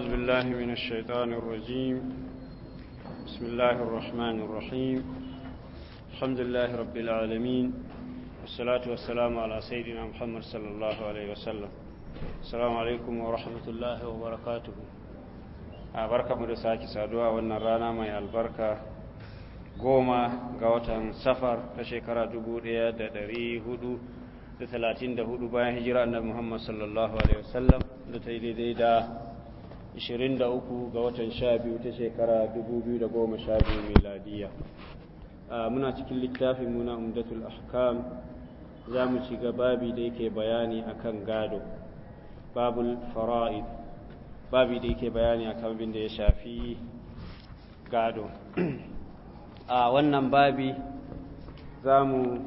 أعوذ بالله من الشيطان الرجيم بسم الله الرحمن الرحيم الحمد لله رب العالمين والصلاة والسلام على سيدنا محمد صلى الله عليه وسلم السلام عليكم ورحمة الله وبركاته آه، بركة مرساكي سادوا والنرانا ما البركة goma ga سفر safar ta shekara dubu ɗaya da ɗari hudu da talatin da hudu bayan hijira annabi muhammad 23 ga watan 12 ta shekara 2012 miladiya muna cikin littafin muna umdatul ahkam za mu ci babi da yake bayani akan gado babul fara'id babi da yake bayani akan abin da ya shafi gado a wannan babi za mu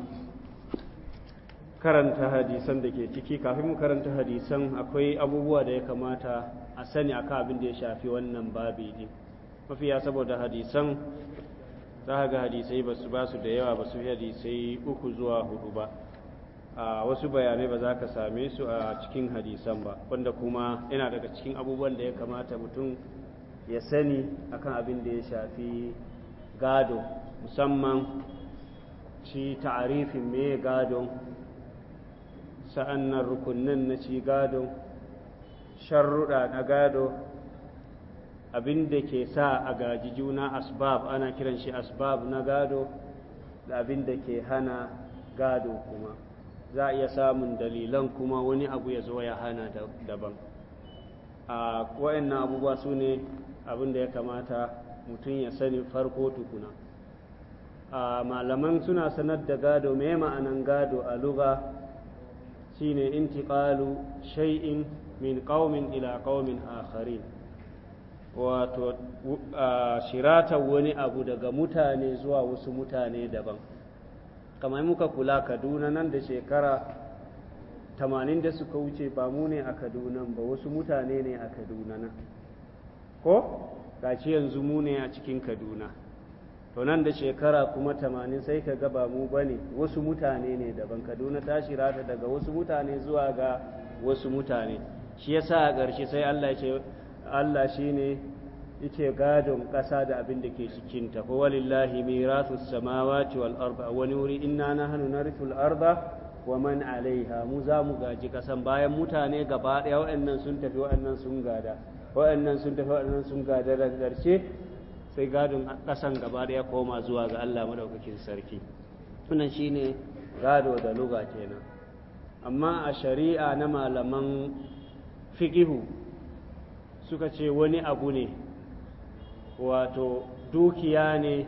karanta hadisan da ke ciki kafin mu karanta hadisan akwai abubuwa da ya kamata a sani akan abin da ya shafi wannan babi ne mafiya saboda hadisan za ga hadisai ba su ba da yawa ba su hadisai uku zuwa hudu ba a wasu bayanai ba za ka same su a cikin hadisan ba wanda kuma yana daga cikin abubuwan da ya kamata mutum ya sani akan abin da ya shafi gado musamman ci ta'arifin me gado sa'annan rukunin na ci gado sharruɗa na gado abin da ke sa a gaji juna asbab ana kiran shi asbab na gado da abin da ke hana gado kuma za a iya samun dalilan kuma wani abu ya zo ya hana daban a na abubuwa su ne abin da ya kamata mutum ya sani farko tukuna a malaman suna sanar da gado mai ma'anan gado a luga shine intiqalu shay'in min qaumin ila qaumin akharin wato shirata wani abu daga mutane zuwa wasu mutane daban kamar muka kula kaduna nan da shekara tamanin da suka wuce ba mu ne a kaduna ba wasu mutane ne a kaduna nan ko gaci yanzu mu ne a cikin kaduna to nan da shekara kuma tamanin sai ka ga ba mu bane wasu mutane ne daban kaduna ta shirata daga wasu mutane zuwa ga wasu mutane shi ya sa a ƙarshe sai Allah ce Allah ne yake gadon ƙasa da abin da ke cikin ta fa walillahi mirasu samawati wal arda wani wuri inna nahnu narithul arda wa man alaiha mu za mu gaji ƙasan bayan mutane gaba ɗaya waɗannan sun tafi waɗannan sun gada waɗannan sun tafi waɗannan sun gada daga ƙarshe sai gadon ƙasan gaba ɗaya koma zuwa ga Allah madaukakin sarki wannan ne gado da luga kenan amma a shari'a na malaman fiƙihu suka ce wani abu ne wato dukiya ne ya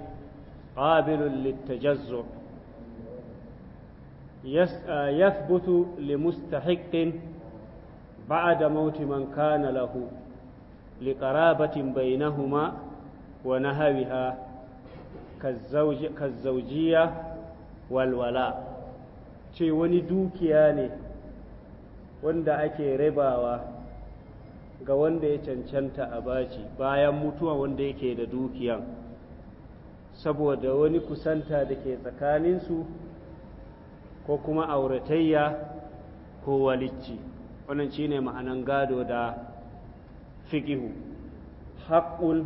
qabilun litajazzu ba a da mauti man kana lahu bai na huma wa na ka kazzaujiya walwala ce wani dukiya ne wanda ake rabawa ga wanda ya cancanta a baci bayan mutuwa wanda yake da dukiyan saboda wani kusanta da ke tsakaninsu ko kuma auratayya ko walicci wannan shi ne ma'anan gado da fikihu haqqun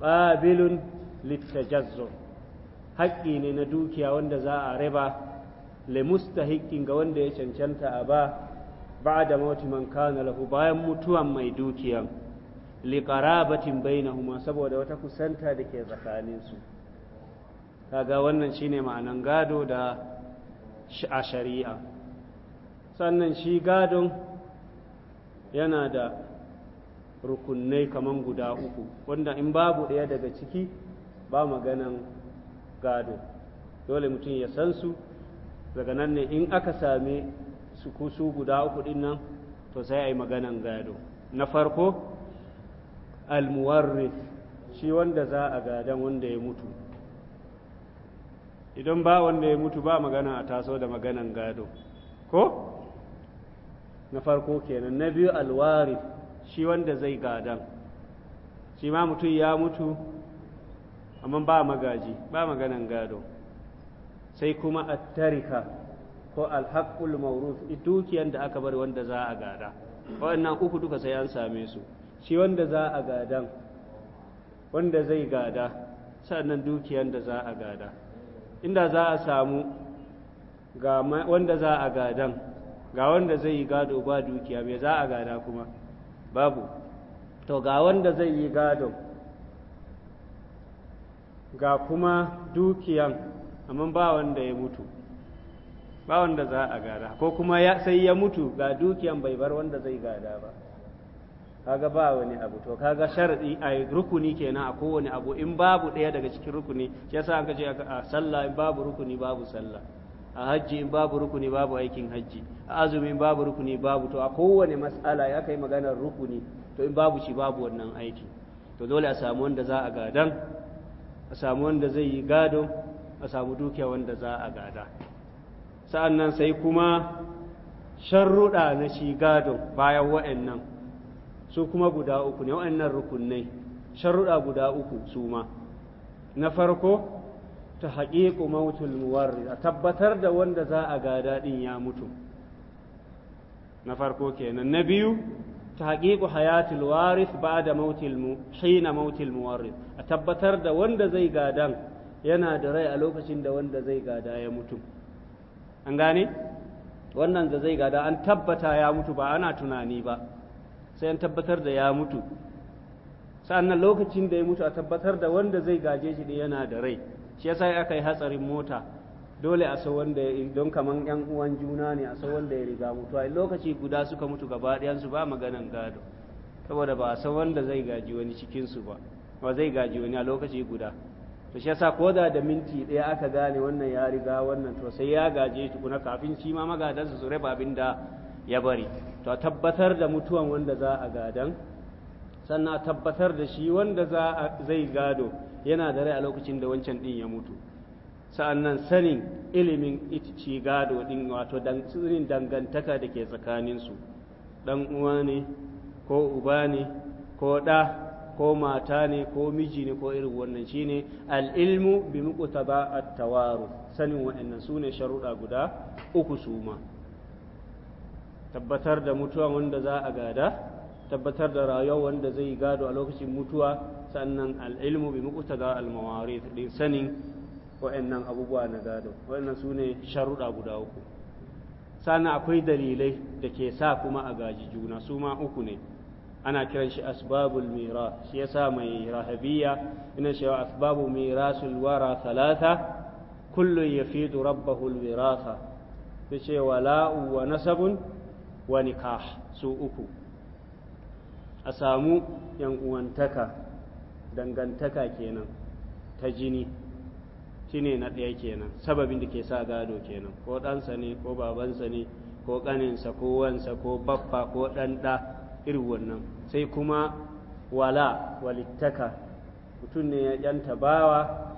ɓabilun littajazzo haƙƙi ne na dukiya wanda za a riba le mustahiqqin ga wanda ya cancanta a ba ba'da mawti man kana lahu bayan mutuwan mai dukiya, bai na bainahuma saboda wata kusanta da ke tsakanin su kaga wannan shine ma'anan gado da a shari'a sannan shi gadon yana da rukunai kaman guda uku wanda in babu ɗaya daga ciki ba maganan gado dole mutum ya san su daga nan ne in aka same su kusu guda uku din nan to sai a yi maganan gado na farko almuwarrif shi wanda za a gadan wanda ya mutu idan ba wanda ya mutu ba magana a taso da maganan gado ko na farko kenan na biyu alwarif shi wanda zai gadan shi ma mutum ya mutu amma ba magaji ba maganan gado sai kuma attarika ko alhaqqul mawruf dukiyar da aka bari wanda za a gada waɗannan uku duka sai an same su shi wanda za a gadan wanda zai gada sannan dukiyar da za a gada inda za a samu ga wanda za a gadan ga wanda zai yi gado ba dukiya me za a gada kuma babu to ga wanda zai yi gado ga kuma dukiyan amma ba wanda ya mutu ba wanda za a gada ko kuma sai ya mutu ga dukiyan bai bar wanda zai gada ba kaga ba wani abu to kaga sharadi a rukuni kenan a kowane abu in babu ɗaya daga cikin rukuni shi yasa an kace a sallah in babu rukuni babu sallah a hajji in babu rukuni babu aikin hajji a azumi in babu rukuni babu to a kowane mas'ala ya kai maganar rukuni to in babu shi babu wannan aiki to dole a samu wanda za a gadan a samu wanda zai yi gado a samu dukiya wanda za a gada sa'annan sai kuma sharruɗa na shi gadon bayan nan su kuma guda uku ne wa'annan rukunai sharruɗa guda uku su ma na farko ta haƙiƙu mautul muwarri a tabbatar da wanda za a gada ɗin ya mutu na farko kenan na biyu ta haƙiƙu hayatul waris ba da hina mautul muwarri a tabbatar da wanda zai gadan yana da rai a lokacin da wanda zai gada ya mutu an gane wannan da zai gada an tabbata ya mutu ba ana tunani ba sai an tabbatar da ya mutu sa'annan lokacin da ya mutu a tabbatar da wanda zai gaje shi ne yana da rai shi yasa aka yi hatsarin mota dole a sau wanda don kamar yan uwan juna ne a sau wanda ya riga mutu. mutuwa lokaci guda suka mutu gaba ɗayansu ba maganan gado saboda ba a san wanda zai gaji wani cikinsu ba ba zai gaji wani a lokaci guda to shi yasa ko da da minti ɗaya aka gane wannan ya riga wannan to sai ya gaje shi kuna kafin shi ma magadan su raba abin da ya bari to a tabbatar da mutuwan wanda za a gadan sannan a tabbatar da shi wanda za a zai gado yana da rai a lokacin da wancan din ya mutu sa'annan sanin ilimin ita ce gado din wato tsirin dangantaka da ke tsakaninsu dan uwa ne ko uba ne ko ɗa ko mata ne ko miji ne ko irin wannan shine al-ilmu bi muqtaba at-tawaru sanin wa'annan sune sharuɗa guda uku suma tabbatar da mutuwa wanda za a gada tabbatar da rayuwa wanda zai yi gado a lokacin mutuwa sannan al-ilmu bi muqtaba al-mawarith din sanin wa'annan abubuwa na gado wa'annan sune sharuɗa guda uku sannan akwai dalilai da ke sa kuma a gaji juna su ma uku ne ana kiran shi asbabul mira shi yasa mai rahabiya ina cewa asbabu mirasul wara ya kullun yafidu rabbahu alwirasa ta ce wala'u wa nasabun wa nikah su uku a samu yan uwantaka dangantaka kenan ta jini shine na ɗaya kenan sababin da ke sa gado kenan ko ɗansa ne ko babansa ne ko ƙaninsa ko wansa ko baffa ko ɗanɗa irin wannan sai kuma wala walittaka mutum ne ya yanta bawa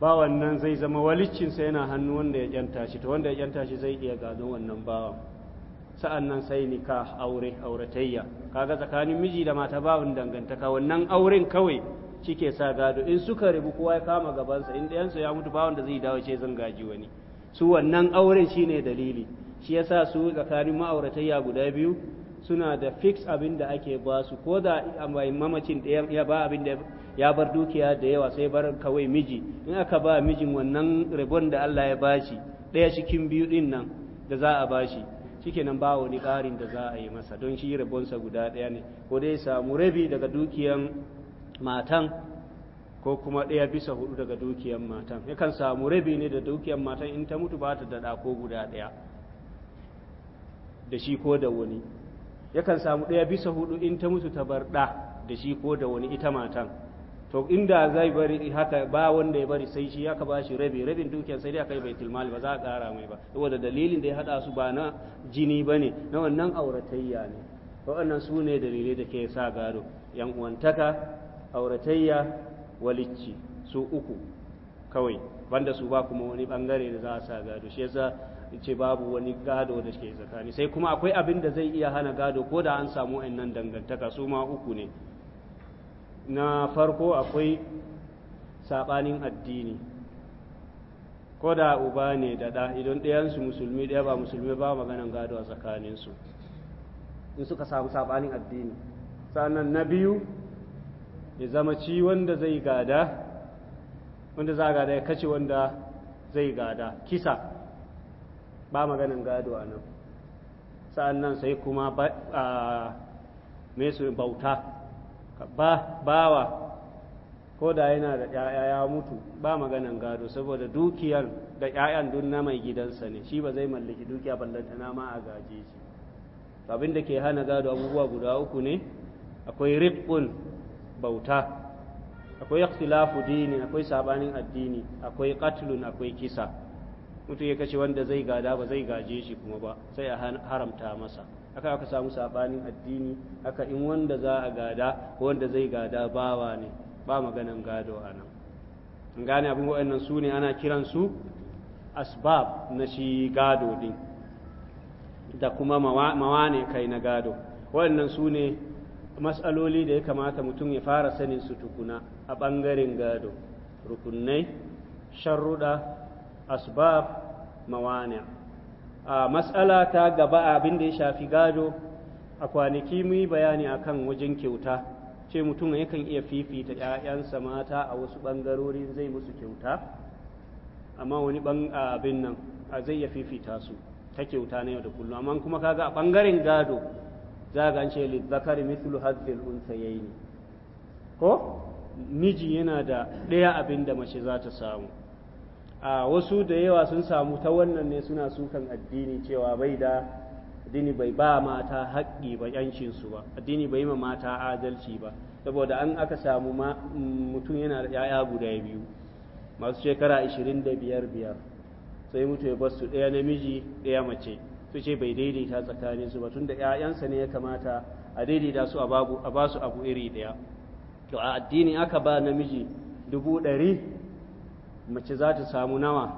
bawan nan zai zama walicinsa yana hannu wanda ya ƙyanta shi ta wanda ya ƙyanta shi zai iya gadon wannan bawan sa'an nan sai nika aure auratayya kaga tsakanin miji da mata bawon dangantaka wannan auren kawai cike sa gado in suka rabu kowa ya kama gabansa in ɗayansu ya mutu bawan da zai dawo ce zan gaji wani su wannan auren shine dalili shi yasa su tsakanin ma'auratayya guda biyu suna da fix abin da ake ba su ko da mai mamacin ya ba abin da ya bar dukiya da yawa sai bar kawai miji in aka ba mijin wannan rabon da Allah ya ba shi ɗaya cikin biyu din nan da za a bashi shikenan ba wani ƙarin da za a yi masa don shi rabonsa guda ɗaya ne ko dai samu rabi daga dukiyan matan ko kuma ɗaya bisa hudu daga dukiyan matan yakan samu rabi ne da dukiyan matan in ta mutu ba ta da ko guda ɗaya da shi ko da wani yakan samu ɗaya bisa hudu in ta mutu ta bar ɗa da shi ko da wani ita matan to inda zai bari haka ba wanda ya bari sai shi aka shi rabi rabin dukiyar sai dai aka yi baitul mali ba za a ƙara mai ba saboda dalilin da ya hada su ba na jini bane na wannan auratayya ne waɗannan su ne dalilai da ke sa gado yan uwantaka auratayya walicci su uku kawai banda su ba kuma wani bangare da za a sa gado shi yasa ce babu wani gado da ke tsakani sai kuma akwai abin da zai iya hana gado ko da an samu wayannan dangantaka su ma uku ne na farko akwai sabanin addini ko da uba ne da ɗa idan ɗayansu musulmi ɗaya ba musulmi ba maganan gado a tsakaninsu in suka samu sabanin addini sannan na biyu ya zama ci wanda zai gada wanda za a gada ya kace wanda zai gada kisa ba maganin gado a nan sa'an nan sai kuma a mesu bauta ba bawa ko da yana da ‘ya'ya ya mutu ba maganan gado saboda dukiyar da ‘ya'yan dun na mai gidansa ne shi ba zai mallaki dukiya ballantana ma a gaje shi abin da ke hana gado abubuwa guda uku ne akwai rif'un bauta akwai ikhtilafu dini akwai sabanin addini akwai qatlun akwai kisa mutum ya kashe wanda zai gada ba zai gaje shi kuma ba sai a haramta masa haka aka samu sabanin addini haka in wanda za a gada ko wanda zai gada bawa ne ba maganan gado a nan in gane abin waɗannan su ne ana kiransu asbab na shi gado din da kuma mawane kai na gado waɗannan su ne matsaloli da ya kamata mutum ya fara sanin su tukuna a ɓangaren gado rukunai sharruɗa asbab mawani matsala ta gaba abin da ya shafi gado a kwanaki mu yi bayani akan wajen kyauta ce mutum yakan iya fifita 'ya'yansa mata a wasu ɓangarori zai musu kyauta amma wani abin nan zai iya fifita su ta kyauta na yau da kullum amma kuma kaga a ɓangaren gado za ga an ce lizzakari ya yi unsayaini ko miji yana da ɗaya abin da mace za ta samu a wasu da yawa sun samu ta wannan ne suna sukan addini cewa bai da addini bai ba mata haƙƙi ba yancinsu ba addini bai ma mata adalci ba saboda an aka samu mm, mutum yana da 'ya'ya guda biyu masu shekara 25 biyar sai mutu ya basu ɗaya namiji ɗaya mace su ce bai daidaita tsakanin su ba tun da 'ya'yansa ne ya kamata a daidaita su a basu su abu iri ɗaya to a addini aka ba namiji dubu ɗari mace za ta samu nawa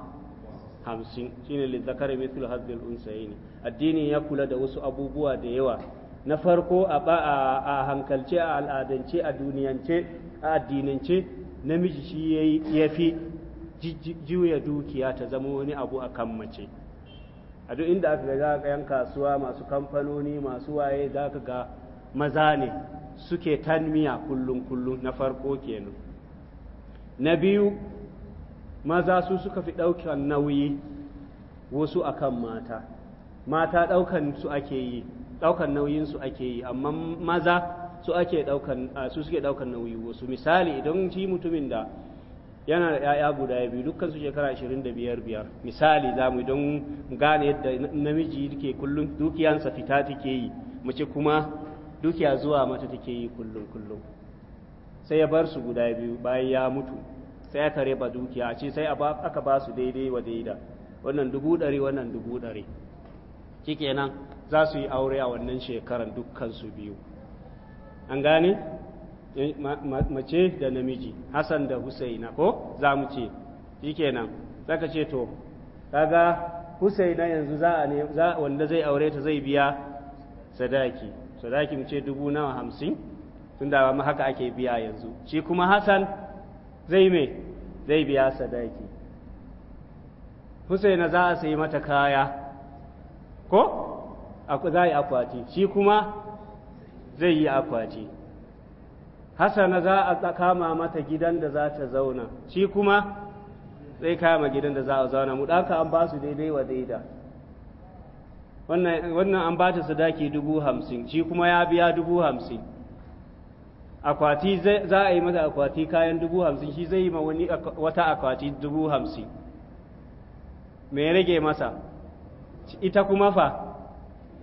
hamsin shine lizzakari mithlu hazzil unsayni addini ya kula da wasu abubuwa da yawa na farko a ba a hankalce a al'adance a duniyance a addinance namiji shi ya fi juya dukiya ta zama wani abu a kan mace a duk inda aka ga ga yan kasuwa masu kamfanoni masu waye za ka ga maza ne suke tanmiya kullum kullum na farko kenan na biyu maza su suka fi ɗaukan nauyi wasu akan mata mata ɗaukan su ake yi ɗaukan nauyin su ake yi amma maza su ake ɗaukan su suke ɗaukan nauyi wasu misali idan ci mutumin da yana da ‘ya'ya guda biyu dukkan su shekara ashirin da biyar biyar misali za mu don gane yadda namiji ke kullum dukiyansa fita take yi mace kuma dukiya zuwa mata take yi kullum kullum sai ya bar su guda biyu bayan ya mutu sai aka reba dukiya a ce sai aka ba su daidai wa daida wannan dubu ɗari wannan dubu ɗari kikenan za su yi aure a wannan shekaran dukkan su biyu an gane eh, mace da namiji hassan da husaina ko za mu ce za ka ce to kaga husaina yanzu za a ne wanda zai aure ta zai biya sadaki sadaki mu ce dubu nawa hamsin tunda ma haka ake biya yanzu shi kuma hassan zai me zai biya sadaki husaina za a sayi mata kaya ko za a yi akwati shi kuma zai yi akwati hasana za a kama mata gidan da za ta zauna shi kuma zai kama gidan da za a zauna mu ɗaka an ba su daidai wa daida wannan an ba ta sadaki dubu hamsin shi kuma ya biya dubu hamsin akwati za a yi mata akwati kayan dubu hamsin shi zai yi ma wani wata akwati dubu hamsin mai rage masa ita kuma fa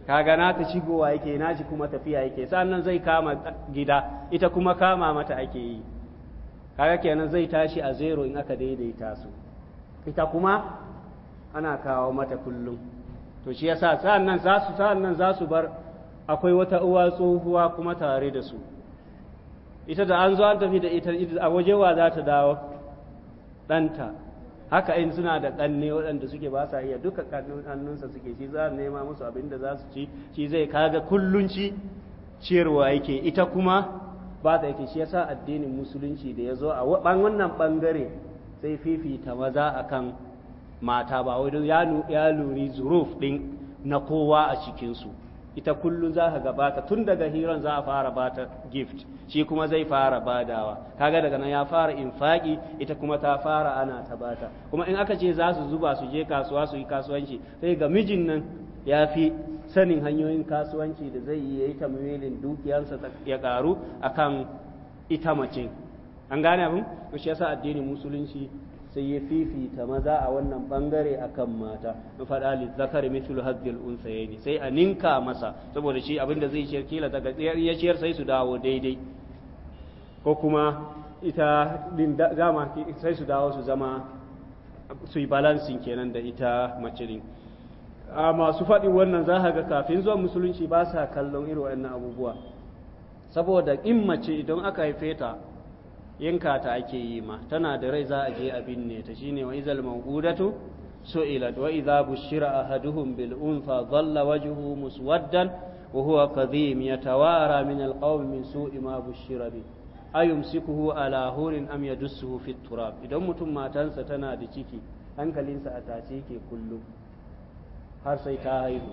kaga na ta shigowa yake na shi kuma tafiya yake sannan zai kama gida ita kuma kama mata ake yi kaga kenan zai tashi a zero in aka daidaita su ita kuma ana kawo mata kullum to shi yasa sa nan za su nan za su bar akwai wata uwa tsohuwa kuma tare da su ita da an zo an tafi da ita a waje wa za ta dawo ɗanta haka in suna da ƙanne waɗanda suke ba sa iya duka hannunsa suke shi za nema musu abin da za su ci shi zai kaga kullun ci ciyarwa yake ita kuma ba ta yake shi ya sa addinin musulunci da ya zo a wannan ɓangare sai fifita maza akan mata ba wai ya luri zuruf ɗin na kowa a cikinsu ita kullum za ka gabata tun daga hiran za a fara bata gift shi kuma zai fara badawa kaga daga nan ya fara infaki ita kuma ta fara ana ta bata kuma in aka ce za su zuba su je kasuwa su yi kasuwanci sai ga mijin nan ya fi sanin hanyoyin kasuwanci da zai yi ya yi tamwilin dukiyarsa ya karu akan ita mace an gane abin shi yasa addinin musulunci sai ya fifita maza a wannan bangare akan mata in faɗa li zakar mithlu hadzil unsayni sai a ninka masa saboda shi abinda zai ciyar kila daga ya ciyar sai su dawo daidai ko kuma ita din dama sai su dawo su zama su yi balansin kenan da ita mace din a masu faɗi wannan za ga kafin zuwan musulunci ba sa kallon irin wannan abubuwa saboda in mace idan aka haife ta yinka ta ake yi ma tana da rai za a je a binne ta shine wa izal mawqudatu su'ilat wa idza bushira ahaduhum bil unfa dhalla wajhu muswaddan wa huwa kadhim yatawara min al qawmi min su'i ma bushira bi ayumsikuhu ala hurin am yadussuhu fit turab idan mutum matansa tana da ciki hankalinsa a tace yake kullum har sai ta haihu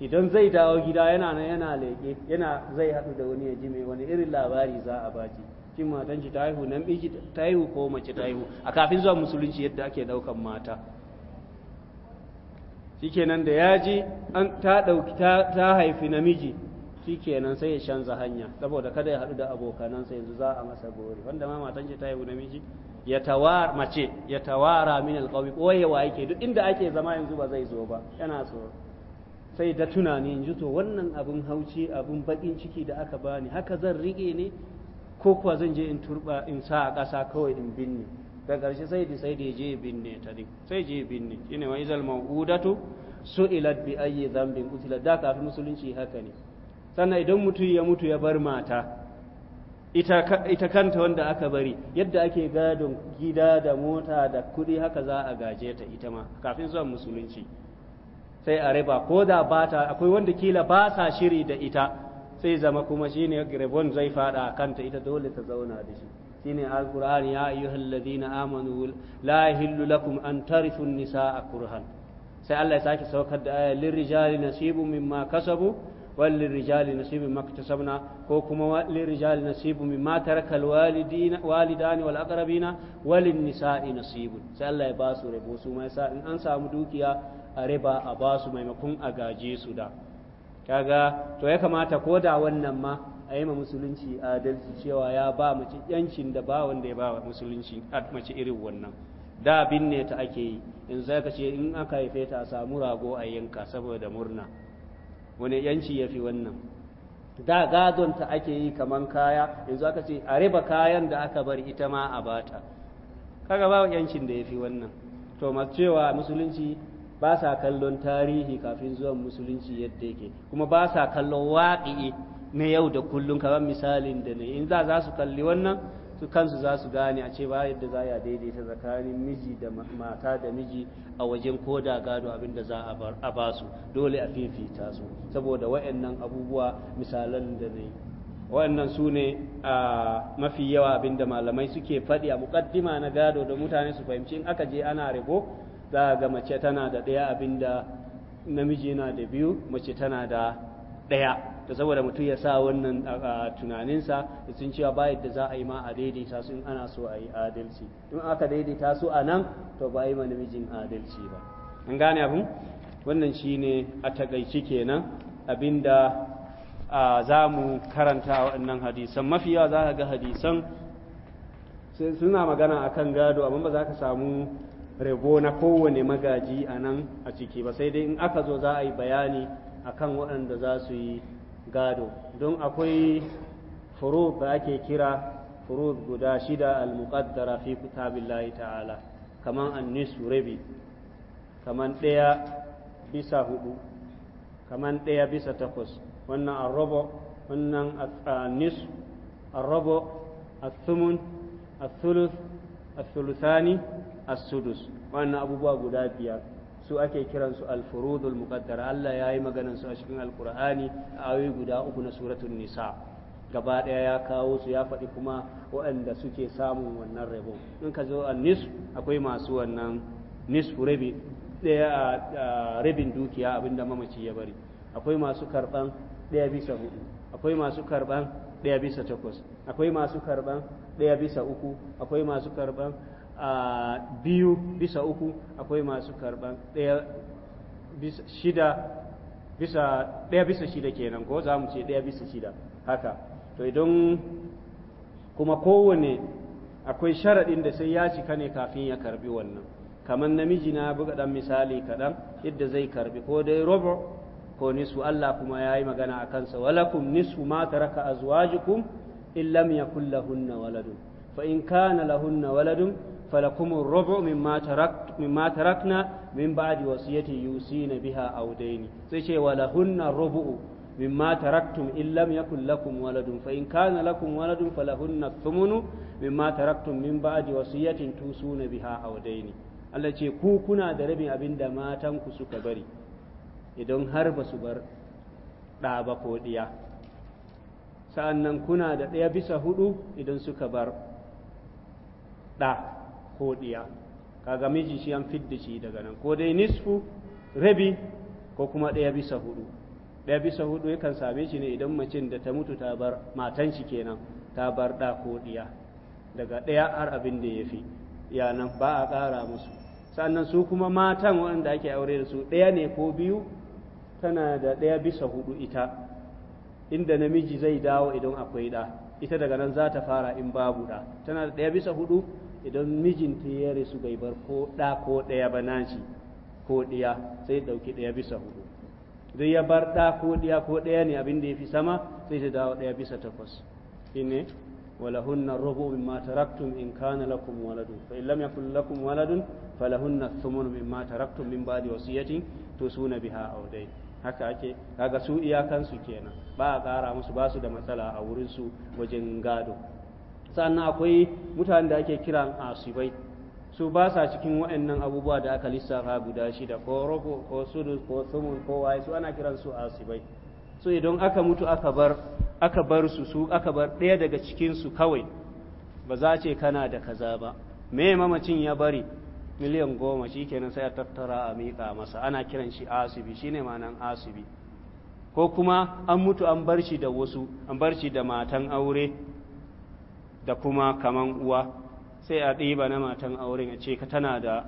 idan zai dawo gida yana nan yana leke yana zai haɗu da wani ya ji mai wani irin labari za a baki shin matanci ta haihu nan biki ta haihu ko mace ta haihu a kafin zuwa musulunci yadda ake daukan mata shikenan da ya ji an ta dauki ta haifi namiji shikenan sai ya canza hanya saboda kada ya haɗu da abokanansa yanzu za a masa gori wanda ma matan ta haihu namiji ya tawar mace ya tawara min alqawi koyewa yake duk inda ake zama yanzu ba zai zo ba yana so sai da tunani in ji to wannan abun hauci abun bakin ciki da aka bani haka zan rike ne ko kuwa zan je in turba in sa a ƙasa kawai in binne da ƙarshe sai da sai da je binne ta din sai je binne shine wa izal mawudatu su'ilat bi ayyi dhanbin qutilat da kafin musulunci haka ne sannan idan mutum ya mutu ya bar mata ita kanta wanda aka bari yadda ake gadon gida da mota da kuɗi haka za a gaje ta ita ma kafin zuwa musulunci sai a riba ko da ba ta akwai wanda kila ba sa shiri da ita sai zama kuma shine rabon zai fada a kanta ita dole ta zauna da shi shine alqur'ani ya ayyuhal ladina amanu la yahillu lakum an tarifu an-nisaa kurhan sai Allah ya sake saukar da ayar lirrijali nasibu mimma kasabu wal lirrijali nasibu mimma kasabna ko kuma lirrijali nasibu mimma tarakal walidina walidani wal aqrabina walin nisa'i nasibu sai Allah ya basu rabo su mai yasa in an samu dukiya a riba a basu maimakon a gaje su da kaga to ya kamata ko da wannan ma a yi ma musulunci adalci cewa ya ba mace yancin da ba wanda ya ba musulunci mace irin wannan da binne ta ake yi in za ka ce in aka haife ta a samu rago a yanka saboda murna wani yanci ya fi wannan da gadon ta ake yi kaman kaya yanzu ka ce a riba kayan da aka bar ita ma a bata kaga ba yancin da ya fi wannan to masu cewa musulunci ba sa kallon tarihi kafin zuwan musulunci yadda yake kuma ba sa kallon waƙi na yau da kullun kamar misalin da ne in za za su kalli wannan su kansu za su gane a ce ba yadda za ya daidaita tsakanin miji da mata da miji a wajen koda gado abin da za a ba su dole a fifita su saboda waɗannan abubuwa misalan da ne waɗannan su ne a mafi yawa abin da malamai suke faɗi a muƙaddima na gado da mutane su fahimci in aka je ana rabo za a ga mace tana da ɗaya abinda namiji yana da biyu mace tana da ɗaya da saboda mutum ya sa wannan tunaninsa da sun cewa ba yadda za a yi ma a daidaita su in ana so a yi adalci in aka daidaita su a nan to ba yi ma namijin adalci ba an gane abin wannan shi ne a takaici kenan abinda za mu karanta waɗannan hadisan mafi yawa za ka ga hadisan suna magana akan gado amma ba za ka samu rabo na kowane magaji a nan a ciki ba sai dai in aka zo za a yi bayani kan waɗanda za su yi gado don akwai furud da ake kira furud guda shida al-muqaddara fi kitabillahi ta'ala kaman annisu rabi kaman ɗaya bisa hudu kaman ɗaya bisa takwas wannan arrobo wannan annis arrobo الثمن الثلث الثلثان as-sudus wannan abubuwa guda biyar su ake kiransu al-furudul muqaddara Allah ya yi maganan su a cikin alkur'ani a ayoyi guda uku na suratul nisa gaba daya ya kawo su ya faɗi kuma waɗanda suke samun wannan rabo in ka zo an-nisf akwai masu wannan nisfu rabi ɗaya a rabin dukiya abinda mamaci ya bari akwai masu karban ɗaya bisa hudu akwai masu karban ɗaya bisa takwas akwai masu karban ɗaya bisa uku akwai masu karban biyu bisa uku akwai masu karban ɗaya bisa shida bisa ɗaya kenan ko za mu ce ɗaya bisa shida haka to idan kuma kowane akwai sharaɗin da sai ya cika ne kafin ya karbi wannan kamar namiji na buga ɗan misali kaɗan yadda zai karbi ko dai robo ko nisu Allah kuma ya yi magana a kansa walakum nisu ma taraka azwajukum in lam yakul lahunna waladun fa in kana lahunna waladun فلكم الربع مما تركت مما تركنا من بعد وصية يوصين بها أو دين سيشي ولهن الربع مما تركتم إن لم يكن لكم ولد فإن كان لكم ولد فلهن الثمن مما تركتم من بعد وصية توصون بها أو دين الله ce ku kuna da rabin abin da matanku suka bari idan har ba su bar ɗa ba ko ɗiya sa'an nan kuna da ɗaya bisa hudu ko kaga miji shi an fidda shi daga nan ko dai nisfu rabi ko kuma ɗaya bisa hudu ɗaya bisa hudu yakan same shi ne idan macin da ta mutu ta bar matan shi kenan ta bar ɗa ko ɗiya daga ɗaya har abin da ya fi yanan ba a ƙara musu sannan su kuma matan waɗanda ake aure da su ɗaya ne ko biyu tana da ɗaya bisa hudu ita inda namiji zai dawo idan akwai ɗa ita daga nan za ta fara in babu ɗa tana da ɗaya bisa hudu idan mijinta ya rasu bai bar ko ɗa ko ɗaya ba nashi ko ɗiya sai ɗauki ɗaya bisa hudu duk ya bar ɗa ko ɗiya ko ɗaya ne abin da ya fi sama sai ta dawo ɗaya bisa takwas shine ولهن waladun مما تركتم إن كان لكم ولد فإن لم يكن لكم ولد فلهن الثمن مما تركتم من بعد وصية توصون بها أو دين haka ake kaga su iyakansu kenan ba a ƙara musu ba su da matsala a wurinsu wajen gado sannan akwai mutanen da ake kira asibai su ba sa cikin waɗannan abubuwa da aka lissafa guda shida ko rogo ko sudu ko sumun ko waye su ana kiran su asibai so idan aka mutu aka bar aka bar su su aka bar ɗaya daga cikin su kawai ba za ce kana da kaza ba me mamacin ya bari miliyan goma shi kenan sai a tattara a miƙa masa ana kiran shi asibi shine ma'anan asibi ko kuma an mutu an bar shi da wasu an bar shi da matan aure da kuma kaman uwa sai a ɗiba na matan auren a ce ka tana da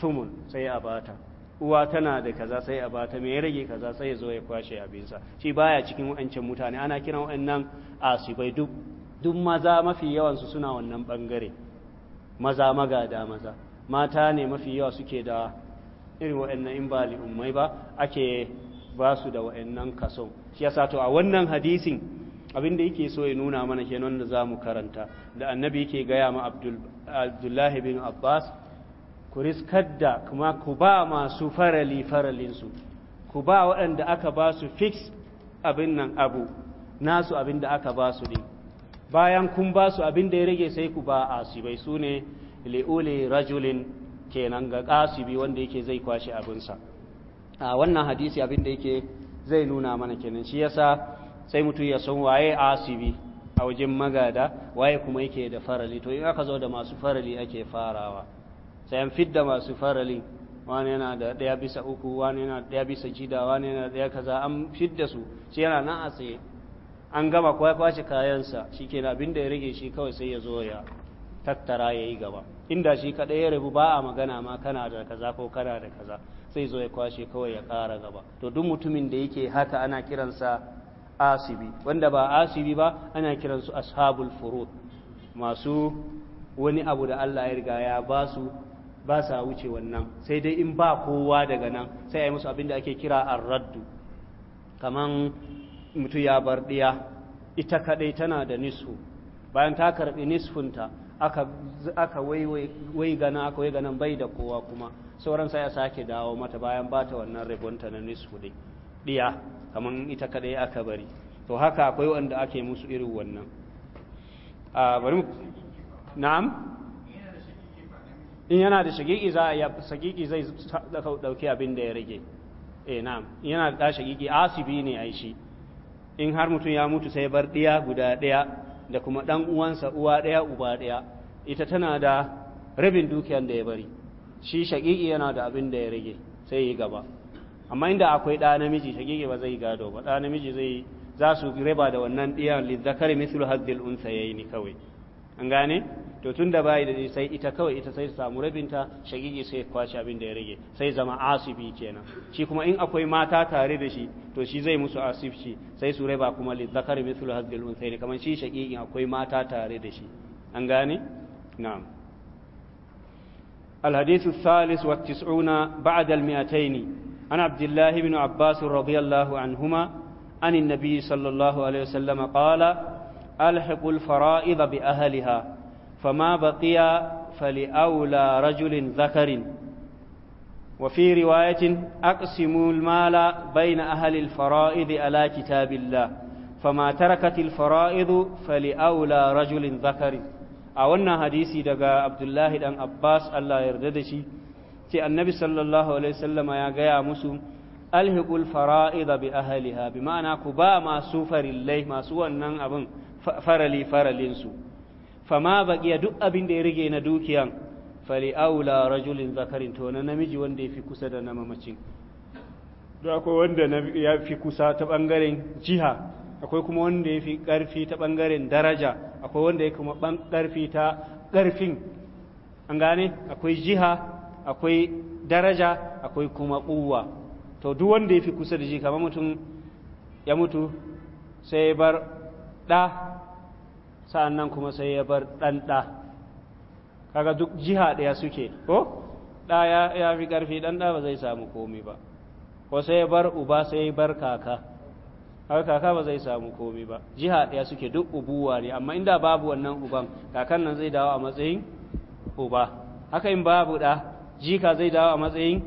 sumun sai a bata uwa tana da kaza sai a bata me ya rage kaza sai ya zo ya kwashe abinsa shi baya cikin wa'ancan mutane ana kiran wa'annan asibai duk duk maza mafi yawansu suna wannan bangare maza magada maza mata ne mafi yawa suke da irin wa'annan in ba li'ummai ba ake ba su da wa'annan kaso shi yasa to a wannan hadisin abin da yake so ya nuna mana kenan da mu karanta da annabi yake gaya ma abdullahi bin abbas ku riskar da kuma ku ba masu farali faralinsu ku ba waɗanda aka ba su fix abin nan abu nasu abin da aka ba su ne bayan kun ba su abin da ya rage sai ku ba asibai su ne le'ule rajulin kenan ga kasibi wanda yake zai kwashe abinsa a wannan hadisi abin da yake zai nuna mana kenan shi yasa sai mutum ya san waye asibi a wajen magada waye kuma yake da farali to in aka zo da masu farali ake farawa sai an fidda masu farali wani yana da ɗaya bisa uku wani yana da ɗaya bisa jida wani yana da ɗaya kaza an fidda su shi yana nan a an gama kwa kwace kayansa shi ke abin da ya rage shi kawai sai ya zo ya tattara ya yi gaba inda shi kaɗai ya rabu ba a magana ma kana da kaza ko kana da kaza sai zo ya kwashe kawai ya ƙara gaba to duk mutumin da yake haka ana kiransa asibi wanda ba asibi ba ana kiransu ashabul furud masu wani abu da Allah ya riga ya ba su ba sa wuce wannan sai dai in ba kowa daga nan sai yi musu abin da ake kira ar kaman mutu ya bar ɗiya ita kadai tana da nisfu bayan ta karbi nisfunta aka aka wai gana aka wai ganan bai da kowa kuma sauran sai ya sake dawo mata bayan ba ta wannan rabonta na nisfu ɗiya kamar ita kadai aka bari to haka akwai wanda ake musu irin wannan a bari na'am in yana da shigiki za ya shigiki zai dauki abin da ya rage eh na'am in yana da shigiki asibi ne ai shi in har mutum ya mutu sai bar ɗiya guda daya da kuma ɗan uwansa uwa ɗaya uba ɗaya ita tana da rabin dukiyar da ya bari shi shaƙiƙi yana da abin da ya rage sai ya gaba amma inda akwai ɗa namiji shaƙiƙi ba zai gado ba ɗa namiji zai za su raba da wannan ɗiyan lizzakari mislu haddil unsa yayi ni kawai an gane to tun da bai da sai ita kawai ita sai samu rabinta shaƙiƙi sai kwace abin da ya rage sai zama asibi kenan shi kuma in akwai mata tare da shi to shi zai musu asibci sai su raba kuma lizzakari mislu haddil unsa ne kamar shi shaƙiƙin akwai mata tare da shi an gane na'am الحديث الثالث والتسعون بعد المئتين عن عبد الله بن عباس رضي الله عنهما عن النبي صلى الله عليه وسلم قال ألحق الفرائض بأهلها فما بقي فلأولى رجل ذكر وفي رواية أقسموا المال بين أهل الفرائض على كتاب الله فما تركت الفرائض فلأولى رجل ذكر أولنا حديثي دقاء عبد الله بن عباس الله يرددشي ce annabi sallallahu alaihi wasallama ya gaya musu alhiqul fara'id bi ahliha bi ma'ana ku ba masu farillai masu wannan abin farali faralin su fama baqiya duk abin da ya rige na dukiyan fali aula rajulin zakarin to na namiji wanda ya fi kusa da na mamacin da akwai wanda ya fi kusa ta bangaren jiha akwai kuma wanda ya fi karfi ta bangaren daraja akwai wanda ya kuma karfi ta karfin an gane akwai jiha akwai daraja akwai kuma kuwa to duk wanda ya fi kusa da shi kamar mutum ya mutu sai ya bar ɗa sa'annan kuma sai ya bar ɗan ɗa kaga duk jiha ɗaya suke ko ɗa ya fi ƙarfi ɗan ɗa ba zai samu komi ba ko sai ya bar uba sai ya bar kaka haka kaka ba zai samu komi ba jiha ɗaya suke duk ubuwa ne amma inda babu wannan uban kakan nan zai dawo a matsayin uba haka in babu ɗa jika zai dawo a matsayin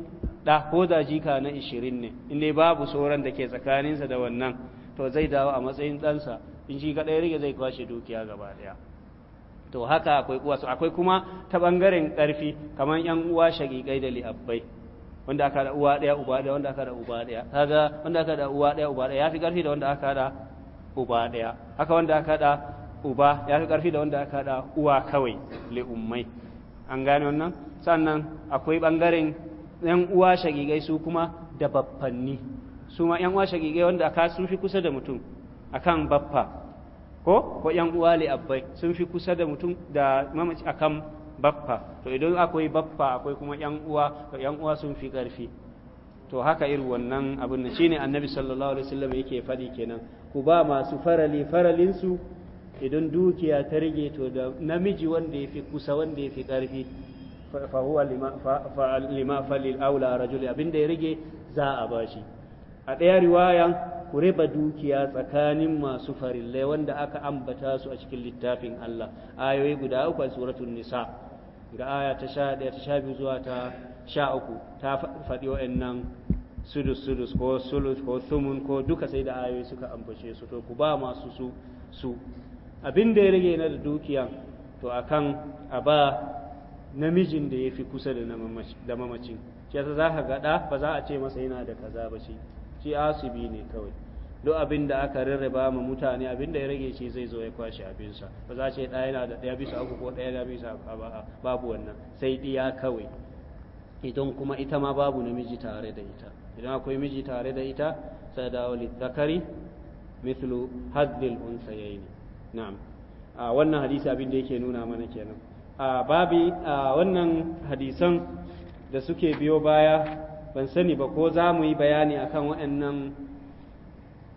ɗa ko da jika na ishirin ne in dai babu sauran da ke tsakaninsa da wannan to zai dawo a matsayin ɗansa in shi kaɗai rage zai kwashe dukiya gaba ɗaya to haka akwai uwasu akwai kuma ta ɓangaren ƙarfi kamar yan uwa shaƙiƙai da li'abbai wanda aka da uwa ɗaya uba ɗaya wanda aka da uba ɗaya kaga wanda aka da uwa ɗaya uba ɗaya yafi ƙarfi da wanda aka da uba ɗaya haka wanda aka da uba yafi ƙarfi da wanda aka da uwa kawai li'ummai an gane wannan sannan akwai ɓangaren ‘yan uwa shagigai su kuma da baffanni su ma ‘yan uwa shagigai wanda aka sun fi kusa da mutum akan baffa ko ko ‘yan uwa abbai sun fi kusa da mutum da mamaci akan baffa to idan akwai baffa akwai kuma ‘yan uwa to ‘yan uwa sun fi ƙarfi to haka irin wannan abin da shine annabi sallallahu alaihi wasallam yake faɗi kenan ku ba masu farali su idan dukiya ta rage to da namiji wanda ya fi kusa wanda ya fi ƙarfi fa huwa lima fa lil aula rajuli abinda ya rage za a bashi a ɗaya riwayan ku riba dukiya tsakanin masu farille wanda aka ambata su a cikin littafin Allah ayoyi guda uku a suratul nisa ga aya ta sha ɗaya ta sha biyu zuwa ta sha uku ta faɗi nan sudus sudus ko sulus ko thumun ko duka sai da ayoyi suka ambace su to ku ba masu su su abin da ya rage na da dukiya to akan a ba namijin da ya fi kusa da mamacin shi yasa za ka gaɗa ba za a ce masa yana da kaza ba shi shi asibi ne kawai duk abin da aka rarraba ma mutane abin da ya rage shi zai zo ya kwashe abinsa ba za a ce ɗaya yana da ɗaya bisa uku ko ɗaya da bisa babu wannan sai ɗiya kawai idan kuma ita ma babu namiji tare da ita idan akwai miji tare da ita sai da wali zakari mithlu haddil unsayaini na'am a wannan hadisi abin da yake nuna mana kenan a babi a wannan hadisan da suke biyo baya ban sani ba ko za mu yi bayani akan waɗannan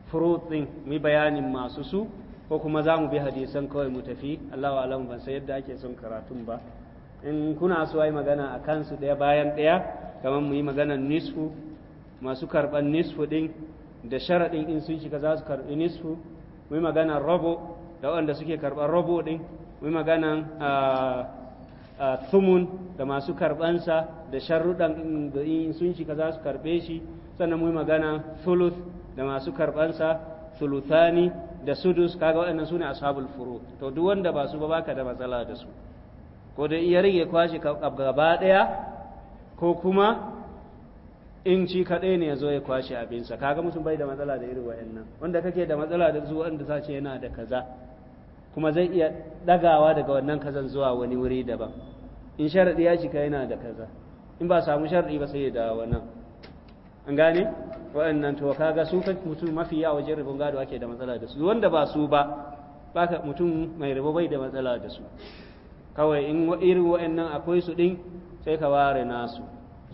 furutsin ɗin mu yi bayanin masu su ko kuma za mu bi hadisan kawai mu tafi Allahu alam ban san yadda ake son karatun ba in kuna so ai magana a kansu ɗaya bayan ɗaya kamar mu yi maganar nisfu masu karɓar nisfu ɗin da sharaɗin in sun shiga za su karɓi nisfu mu yi maganar rabo da waɗanda suke karɓar rabo ɗin magana maganan ah, ah, thumun da masu karbansa da sharruɗan da in sun shiga za su karɓe shi sannan mu magana thuluth da masu karbansa thuluthani da sudus kaga waɗannan sune ashabul furu to duk wanda ba su ba baka da matsala da su ko da iya rage kwashi gaba ɗaya ko kuma in ci kaɗai ne ya zo ya kwashe abinsa kaga musu bai da matsala da irin nan wanda kake da matsala da zuwa wanda sace yana da kaza kuma zai iya ɗagawa daga wannan kazan zuwa wani wuri daban in sharaɗi ya cika yana da kaza in ba samu sharaɗi ba sai ya dawo wannan an gane waɗannan to kaga su mutum mafi yawa wajen ribon gado ake da matsala da su wanda ba su ba baka mutum mai rabo bai da matsala da su kawai in irin waɗannan akwai su ɗin sai ka ware nasu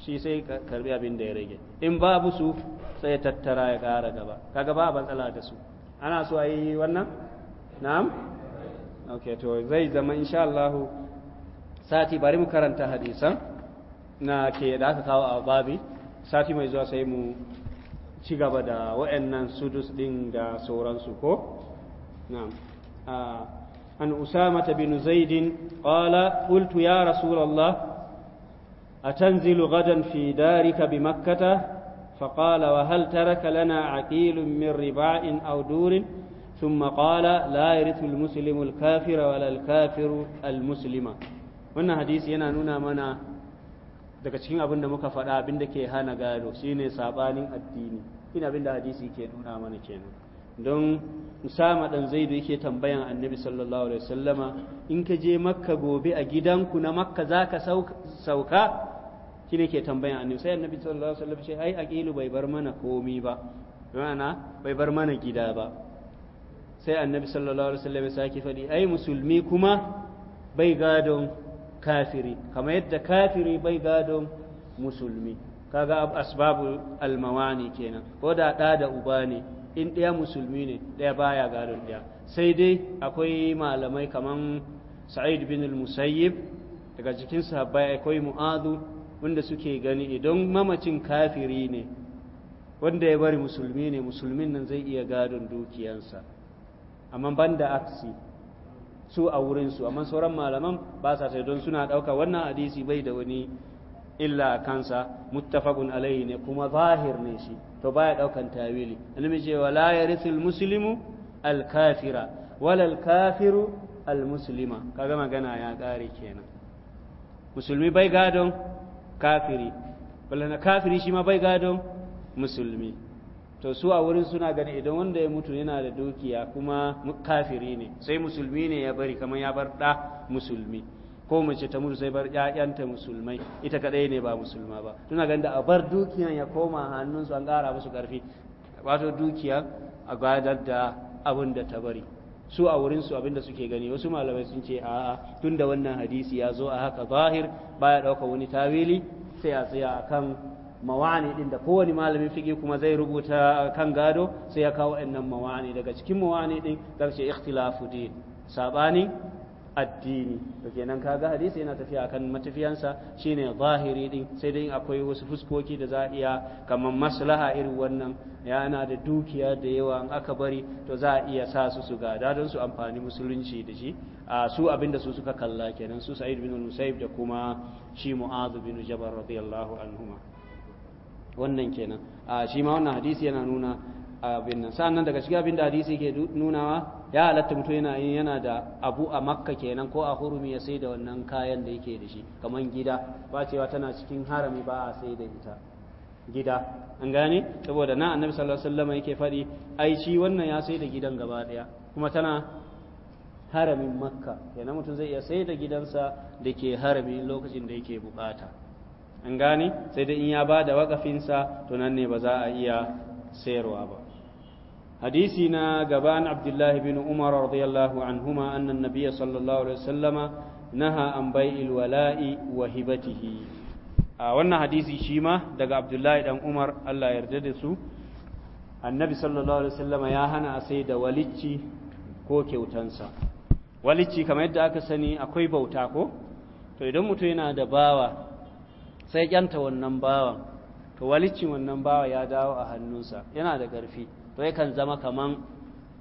shi sai ka karbi abin da ya rage in babu su sai tattara ya ƙara gaba kaga ba matsala da su ana so a yi wannan na'am ok to zai zama insha Allah sati bari mu karanta hadisan na ke da aka kawo a babi sati mai zuwa sai mu ci gaba da wa'annan sudus din da sauransu ko na'am an usama bin zaidin ƙwala ultu ya rasulullah atanzilu gadon fi darika bi makkah فقال وهل ترك لنا min من رباع أو durin. ثم قال لا يرث المسلم الكافر ولا الكافر المسلم wannan hadisi yana nuna mana daga cikin abin da muka faɗa abin da ke hana gado shine sabanin addini ina abin da hadisi ke nuna mana kenan don Usama dan Zaidu yake tambayan Annabi sallallahu alaihi wasallama in ka je Makka gobe a gidanku na Makka zaka sauka shine ke tambayan Annabi sai Annabi sallallahu alaihi wasallam ce ai aqilu bai bar mana komi ba ma'ana bai bar mana gida ba sai annabi sallallahu alaihi wasallam ya sake faɗi ai musulmi kuma bai gadon kafiri kamar yadda kafiri bai gadon musulmi kaga asbabu almawani kenan ko da ɗa da uba ne in ɗaya musulmi ne ɗaya baya gadon ɗaya sai dai akwai malamai kaman sa'id bin al-musayyib daga cikin sahabbai akwai mu'adu wanda suke gani idan mamacin kafiri ne wanda ya bari musulmi ne musulmin nan zai iya gadon dukiyansa amma ban da aksi su a wurinsu amma sauran malaman ba sa sai don suna ɗauka wannan hadisi bai da wani illa a kansa muttafaqun alaihi ne kuma zahir ne shi to baya ɗaukan tawili annabi ce wa la yarithul muslimu al kafira wala al kafiru al muslima kaga magana ya ƙare kenan musulmi bai gadon kafiri wala na kafiri shi ma bai gadon musulmi to su a wurin suna gani idan wanda ya mutu yana da dukiya kuma kafiri ne sai musulmi ne ya bari kamar ya bar ɗa musulmi ko mace ta mutu sai bar ƴaƴanta musulmai ita kadai ne ba musulma ba suna ganin da a bar dukiyan ya koma hannunsu an ƙara musu ƙarfi wato dukiya a gadar da abin da ta bari su a wurinsu abin da suke gani wasu malamai sun ce a'a tunda wannan hadisi ya zo a haka zahir baya ɗaukar wani tawili sai a tsaya akan mawani din da kowane malamin fige kuma zai rubuta kan gado sai ya kawo ɗannan mawani daga cikin mawani din karshe ikhtilafu din sabani addini to kenan kaga hadisi yana tafiya kan matafiyansa shine zahiri din sai dai akwai wasu fuskoki da za a iya kamar maslaha irin wannan yana da dukiya da yawa in aka bari to za a iya sa su su gada don su amfani musulunci da shi a su abinda su suka kalla kenan su sa'id bin musaib da kuma shi mu'adh bin jabal radiyallahu anhuma wannan kenan a shi ma wannan hadisi yana nuna abin nan nan daga shiga abin da hadisi ke nunawa ya halatta mutum yana yin yana da abu a makka kenan ko a hurumi ya sai da wannan kayan da yake da shi kamar gida ba cewa tana cikin harami ba a sai da ita gida an gane saboda na annabi sallallahu alaihi wasallam yake faɗi ai shi wannan ya sai da gidan gaba daya kuma tana haramin makka kenan mutum zai iya sai da gidansa da ke harami lokacin da yake bukata an gane sai dai in ya ba da waƙafinsa to nan ne ba za a iya sayarwa ba hadisi na gaban abdullahi bin umar radiyallahu anhuma annan nabiyya sallallahu alaihi wasallama naha an bai'il wala'i wa hibatihi a wannan hadisi shi ma daga abdullahi dan umar Allah yarda da su annabi sallallahu alaihi wasallama ya hana a sai da walicci ko kyautansa walicci kamar yadda aka sani akwai bauta ko to idan mutum yana da bawa sai kyanta wannan bawan to walicin wannan bawa ya dawo a hannunsa yana da ƙarfi to yakan zama kaman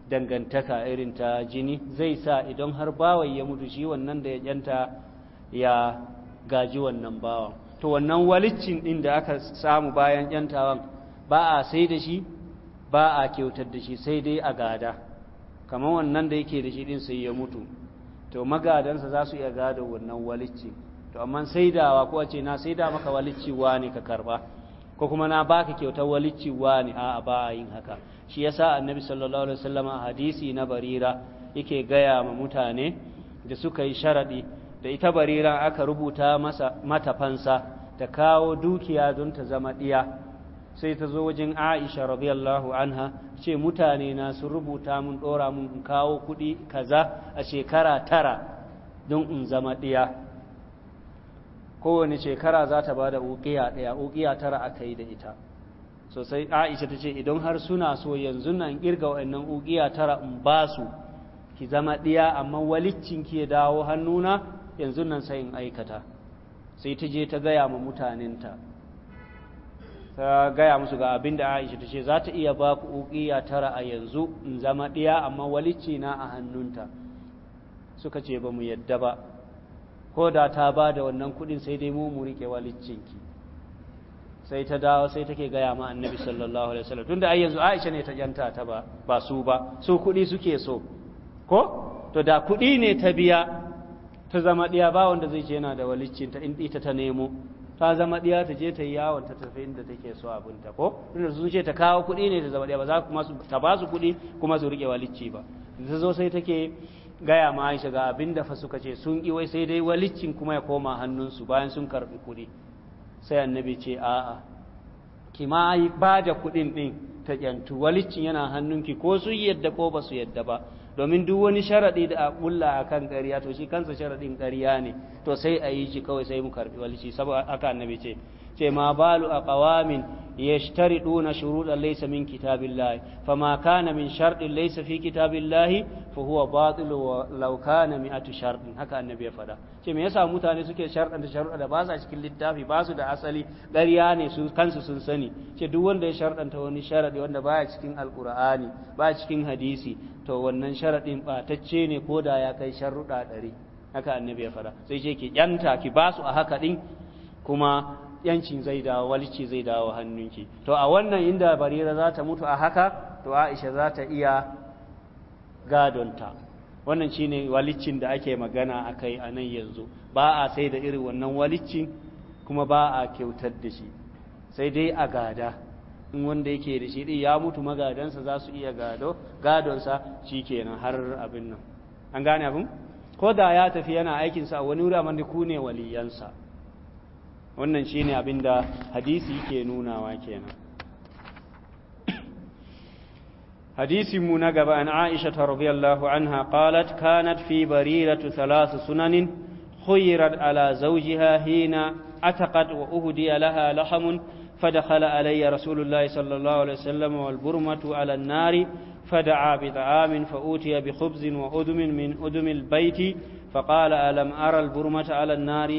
dangantaka irin ta jini zai sa idan har bawai ya mutu shi wannan da ya kyanta ya gaji wannan bawan to wannan walicin din da aka samu bayan kyantawan ba a sai da shi ba a kyautar da shi sai dai a gada kamar wannan da yake da shi din sai ya mutu to magadansa za su iya gada wannan walicin to amma saidawa ko a ce na saida maka walicciwa ne ka karba ko kuma na baka kyautar walicciwa ne a ba yin haka shi yasa annabi sallallahu alaihi wasallam a hadisi na barira yake gaya ma mutane da suka yi sharadi da ita barira aka rubuta masa mata fansa ta kawo dukiya don ta zama diya sai ta zo wajen Aisha radiyallahu anha ce mutane na sun rubuta mun dora mun kawo kuɗi kaza a shekara tara don in zama diya kowane shekara za ta ba da uƙiya ɗaya uƙiya tara aka yi da ita sosai aisha ta ce idan har suna so yanzu nan ƙirga wa'annan uƙiya tara in ba su ki zama ɗiya amma walicin ki dawo hannuna yanzu nan sai in aikata sai ta je ta gaya ma mutanenta ta gaya musu ga abin da aisha ta ce za ta iya ba ku uƙiya tara a yanzu in zama ɗiya amma walicina a hannunta suka ce ba mu yadda ba ko da ta ba da wannan kuɗin sai dai mu mu riƙe walicinki sai ta dawo sai take gaya ma annabi sallallahu alaihi wasallam tunda ai yanzu Aisha ne ta yanta ta ba ba su ba su kuɗi suke so ko to da kuɗi ne ta biya ta zama ɗiya ba wanda zai ce yana da walicinta in ita ta nemo ta zama ɗiya ta je ta yi yawon ta tafi inda take so ta ko tunda sun ce ta kawo kuɗi ne ta zama ɗiya ba za ta ba su kuɗi kuma su rike walicci ba ta zo sai take gaya ma Aisha ga abin da fa suka ce sun ki wai sai dai walicin kuma ya koma hannunsu bayan sun karbi kuɗi sai annabi ce a'a ki ma yi ba da kuɗin ɗin ta kyantu walicin yana hannunki ko sun yadda ko ba su yadda ba domin duk wani sharaɗi da a ƙulla a kan ƙarya to shi kansa sharaɗin ƙarya ne to sai a yi shi kawai sai mu karɓi walici saboda aka annabi ce ce ma balu a ƙawamin يشترطون شروطا ليس من كتاب الله فما كان من شرط ليس في كتاب الله فهو باطل ولو كان مئة شرط هكا النبي فدا كما يسا متاني سكي شرط انت شرط انت باسا اشكل للدافي باسا دا اصلي غرياني سو كانس سنسني كما دوان دا شرط انت واني شرط وانا باعت سكين القرآن باعت سكين حديثي تو وانا شرط انت تتشيني كودا يا كي شرط اتري هكا النبي فدا سيجي كي ينتا كي باسو اهكا دين كما yancin zai dawo walci zai dawo hannunki to a wannan inda barira za ta mutu a haka to aisha za ta iya gadonta wannan shi ne walicin da ake magana a kai a nan yanzu ba a sai da irin wannan walicin kuma ba a kyautar da shi sai dai a gada in wanda yake da shi ya mutu magadansa za su iya gado gadonsa shi kenan har abin nan an gane abin ko da ya tafi yana aikinsa a wani wuri amma ku ne waliyansa wannan shine abinda hadisi yake nunawa kenan حديث منقب عن عائشة رضي الله عنها قالت كانت في بريرة ثلاث سنن خيرت على زوجها حين أتقت وأهدي لها لحم فدخل علي رسول الله صلى الله عليه وسلم والبرمة على النار فدعا بطعام فأوتي بخبز وأدم من أدم البيت فقال ألم أرى البرمة على النار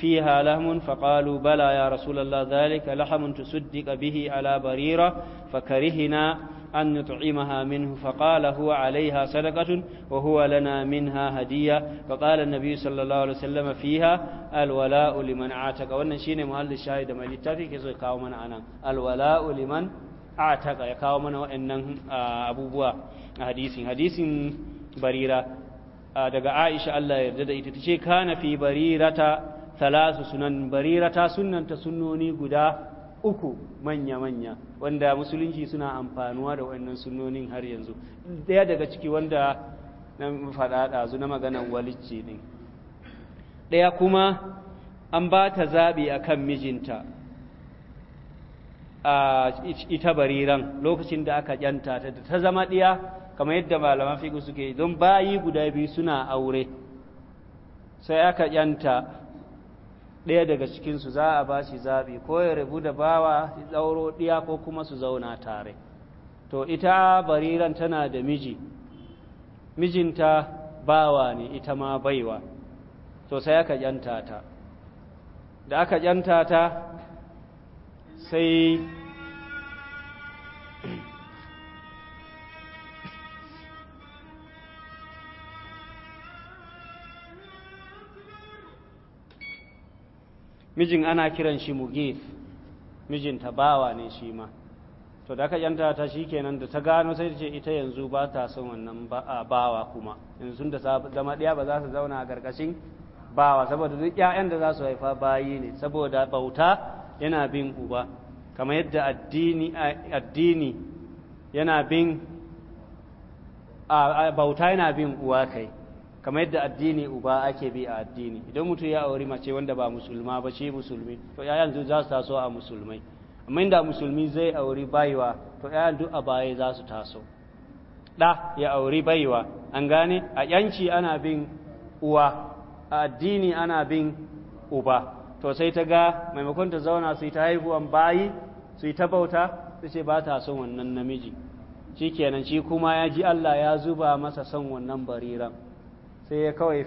فيها لهم فقالوا بلى يا رسول الله ذلك لحم تصدق به على بريرة فكرهنا أن نطعمها منه فقال هو عليها صدقة وهو لنا منها هدية فقال النبي صلى الله عليه وسلم فيها الولاء لمن عاتق وأن شيني محل الشاهد ما للتافي كيزو يكاو أنا الولاء لمن عاتق يكاو من وإنن آه، أبو بوا حديث حديث بريرة daga إن شاء الله da ita tace kana fi talasu sunan barira ta sunanta sunnoni guda uku manya-manya wanda musulunci suna amfanuwa da wannan sunnonin har yanzu daya daga ciki wanda na faɗa ɗazu na maganar walicci ɗin ɗaya kuma an ba ta zaɓi a kan mijinta a ita bariran lokacin da aka ƙyanta ta ta zama ɗiya kamar yadda malaman fiƙi suke don bayi guda biyu suna aure sai aka ƙyanta ɗaya daga cikinsu za a ba shi zaɓi ko ya rabu da bawa tsauro ɗiya ko kuma su zauna tare to ita bariran tana da miji mijinta bawa ne ita ma baiwa to sai aka ƙyanta ta da aka ƙyanta ta sai mijin ana kiran shi mugif mijinta bawa ne shi ma to da aka yanta ta shi kenan da ta gano sai ce ita yanzu ba ta son wannan bawa kuma yanzu da zama ɗaya ba za su zauna a ƙarƙashin bawa saboda duk ƴaƴan da za su haifa bayi ne saboda bauta yana bin uba kamar yadda addini addini yana bin a bauta yana bin uwa kai kamar yadda addini uba ake bi a addini idan mutum ya auri mace wanda ba musulma ba shi musulmi to yayan yanzu za su taso a musulmai amma inda musulmi zai auri bayiwa to yayan duk a baya za su taso da ya auri baiwa an gane a yanci ana bin uwa a addini ana bin uba to sai ta ga maimakon ta zauna su ta haihuwan bayi su ta bauta su ce ba ta son wannan namiji shikenan shi kuma ya ji Allah ya zuba masa son wannan bariran sai ya kawai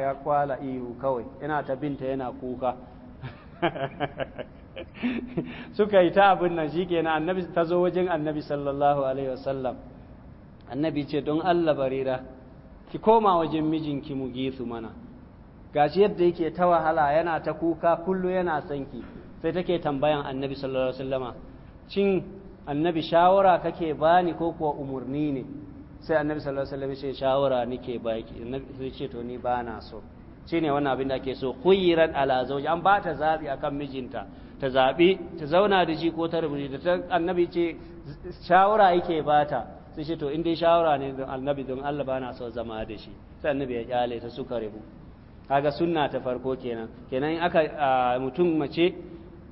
ya kwala ihu kawai yana ta binta yana kuka suka yi ta abin nan shi kenan annabi ta zo wajen annabi sallallahu alaihi wasallam annabi ce don Allah barira ki koma wajen mijinki mu gisu mana gashi yadda yake ta wahala yana ta kuka kullu yana sanki sai take tambayan annabi sallallahu alaihi wasallama cin annabi shawara kake bani ko kuwa umurni ne sai annabi sallallahu alaihi wasallam ya ce shawara nake baki annabi ya ce to ni ba na so shine wannan abin da ake so khuyran ala zawji an ba ta zabi akan mijinta ta zabi ta zauna da shi ko ta rubuta ta annabi ce shawara yake bata sai ce to in dai shawara ne don annabi don Allah ba na so zama da shi sai annabi ya kyale ta suka rubu kaga sunna ta farko kenan kenan in aka mutum mace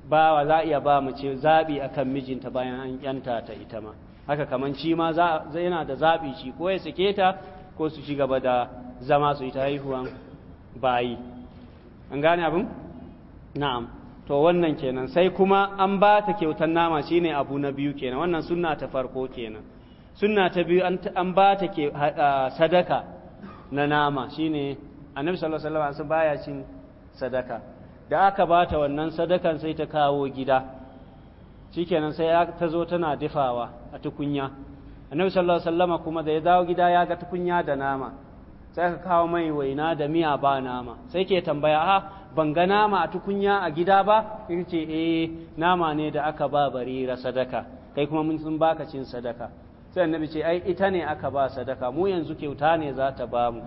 wa za iya ba mace zaɓi akan mijinta bayan an yanta ta ita ma haka kaman shi ma yana da zaɓi shi ko ya sake ta ko su ci gaba da zama su ita haihuwan bayi an gane abin na'am to wannan kenan sai kuma an ba ta kyautar nama shine abu na biyu kenan wannan sunna ta farko kenan sunna ta biyu an ba ta sadaka na nama shine annabi sallallahu alaihi wasallam baya cin sadaka da aka ba ta wannan sadakan sai ta kawo gida shikenan sai ta zo tana difawa a tukunya annabi sallallahu alaihi kuma da ya dawo gida ya ga tukunya da nama sai ka kawo mai waina da miya ba nama sai ke tambaya a ah, ban ga nama a tukunya a gida ba in ce eh nama ne da aka ba barira sadaka kai kuma mun sun baka cin sadaka sai annabi ce ai ita ne aka ba sadaka mu yanzu kyauta ne za ta ba mu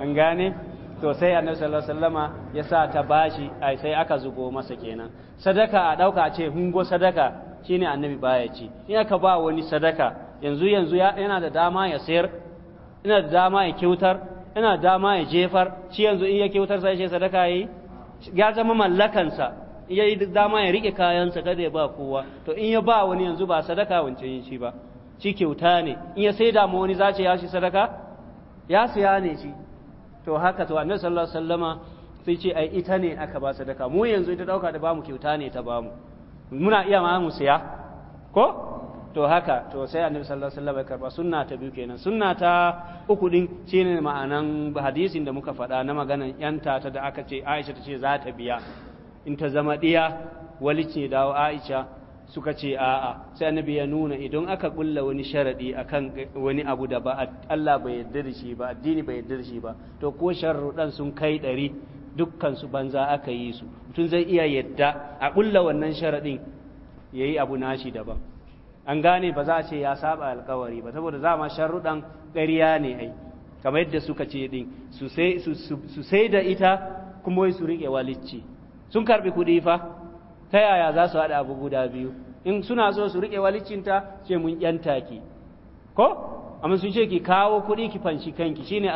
an gane to sai annabi sallallahu alaihi ya sa ta bashi ai sai aka zugo masa kenan sadaka a dauka ce hungo sadaka shine annabi baya ci in aka ba wani sadaka yanzu yanzu yana da dama ya sayar yana da dama ya kyautar yana da dama ya jefar shi yanzu in ya kyautar sai shi sadaka yi ya zama mallakansa ya yi dama ya rike kayansa kada ya ba kowa to in ya ba wani yanzu ba sadaka wancan yin shi ba shi kyauta ne in ya sai da wani zace ya shi sadaka ya siya ne shi to haka to annabi sallallahu alaihi wasallama sai ce ai ita ne aka ba sadaka mu yanzu ita dauka da bamu kyauta ne ta bamu muna iya ma mu siya ko to haka to sai annabi sallallahu alaihi wasallama ya karba sunna ta biyu kenan sunna ta uku din shine ma'anan hadisin da muka faɗa na maganan yanta ta da aka ce Aisha ta ce za ta biya in ta zama diya walice dawo Aisha suka ce a'a sai annabi ya nuna idan aka kulla wani sharadi akan wani abu da ba Allah bai yarda da shi ba addini bai yarda da shi ba to ko dan sun kai ɗari dukkan su banza aka yi su mutum zai iya yadda a kulla wannan sharadin yayi abu nashi daban an gane ba za a ce ya saba alkawari ba saboda za ma dan ƙarya ne ai kamar yadda suka ce din su sai da ita kuma su riƙe walicci sun karbi kuɗi fa ta yaya za su haɗa abu guda biyu in suna so su riƙe walicinta ce mun ‘yanta ki ko amma sun ce ki kawo kuɗi ki fanshi kanki shine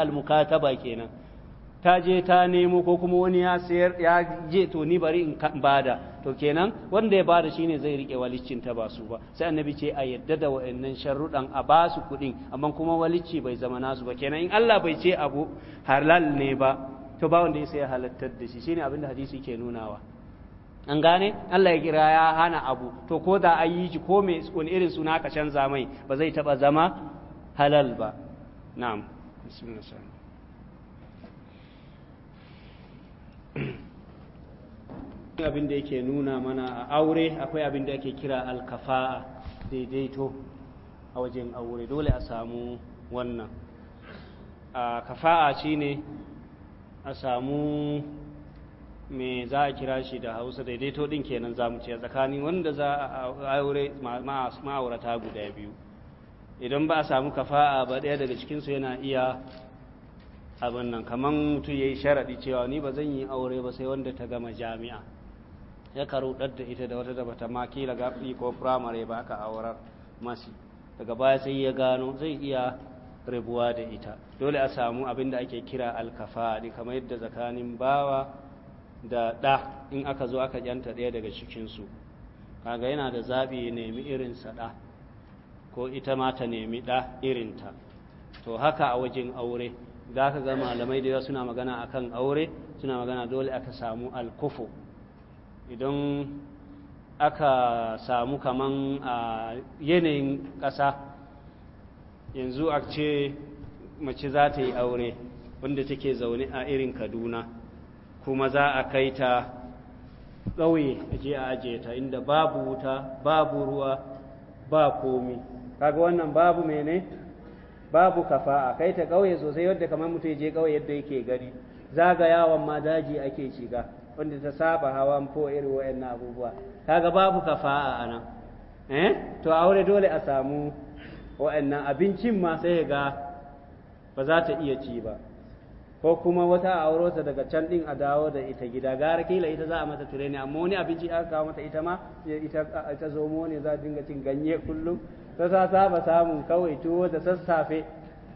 ba kenan ta je ta nemo ko kuma wani ya sayar ya je to ni bari in bada to kenan wanda ya bada shine zai riƙe walicinta ba su ba sai annabi ce a yadda da wayannan sharuɗan a ba su kuɗi. amma kuma walici bai zama nasu ba kenan in Allah bai ce abu halal ne ba to ba wanda ya sai halattar da shi shine abin da hadisi ke nunawa an gane Allah ya kira ya hana abu to ko da an yi shi ko me wani irin suna ka canza mai ba zai taba zama halal ba na'am bismillah abin da yake nuna mana a aure akwai abin da yake kira alkafa'a daidaito a wajen aure dole a samu wannan a kafa'a shine a samu me za a kira shi da hausa daidaito din kenan za mu ce tsakanin wanda za a aure ma'aurata guda biyu idan ba a samu kafa'a ba ɗaya daga cikinsu yana iya abin nan kamar mutum ya yi sharaɗi cewa ni ba zan yi aure ba sai wanda ta gama jami'a ya karuɗar da ita da wata da bata ma kila gafi ko firamare ba aka aurar masi daga baya sai ya gano zai iya rabuwa da ita dole a samu abin da ake kira alkafa kamar yadda tsakanin bawa da ɗa in aka zo aka yanta ɗaya daga cikinsu kaga yana da zaɓi ya nemi irinsa ɗa ko ita ma ta nemi ɗa irinta to haka a wajen aure za ka ga malamai da suna magana a kan aure suna magana dole aka samu alkufo idan aka samu kaman a yanayin ƙasa yanzu a ce mace za ta yi aure wanda take zaune a irin kaduna kuma za a kai ta ƙauye je a aje ta inda babu wuta babu ruwa ba komi kaga wannan babu mene babu kafa'a kai ta ƙauye sosai yadda kamar mutum je ƙauye yadda yake gani zagayawan ma daji ake shiga wanda ta saba hawan fo irin wayannan abubuwa kaga babu kafa'a a eh to aure dole a samu wayannan abincin ma sai ba za ta iya ci ba ko kuma wata a auro daga can din a dawo da ita gida gara kila ita za a mata ture ne amma wani abinci aka kawo mata ita ma ita ita zomo ne za a dinga cin ganye kullum ta sa saba samun kawai tuwo da sassafe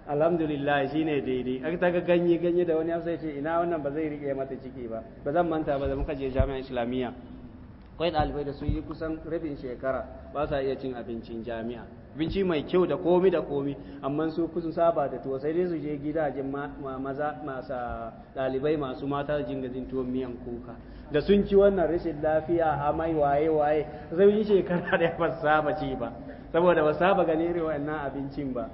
alhamdulillah shine daidai aka ta ga ganye ganye da wani ya sai ce ina wannan ba zai rike mata ciki ba ba zan manta ba da muka je jami'an islamiyya akwai ɗalibai da sun yi kusan rabin shekara ba sa iya cin abincin jami'a abinci mai kyau da komi da komi amma su kusa saba da tuwo sai dai su je gidajen maza masa ɗalibai masu mata jin gajin tuwon miyan kuka da sun ci wannan rashin lafiya a mai waye waye sai yi shekara da ba saba ci ba saboda ba saba ganin irin wannan abincin ba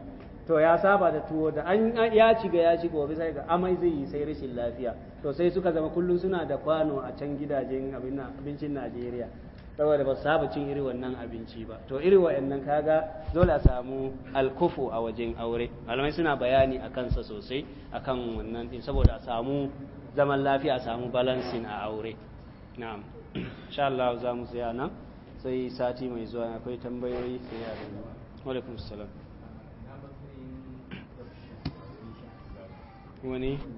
to ya saba da tuwo da an ya ciga ya ci gobe sai ga amai zai yi sai rashin lafiya to sai suka zama kullum suna da kwano a can gidajen abincin Najeriya saboda ba saba cin iri wannan abinci ba to iri wa'annan kaga dole a samu alkufu a wajen aure malamai suna bayani a kansa sosai akan wannan din saboda a samu zaman lafiya a samu balancing a aure na'am insha Allah za mu tsaya nan sai sati mai zuwa akwai tambayoyi sai wa alaikum 20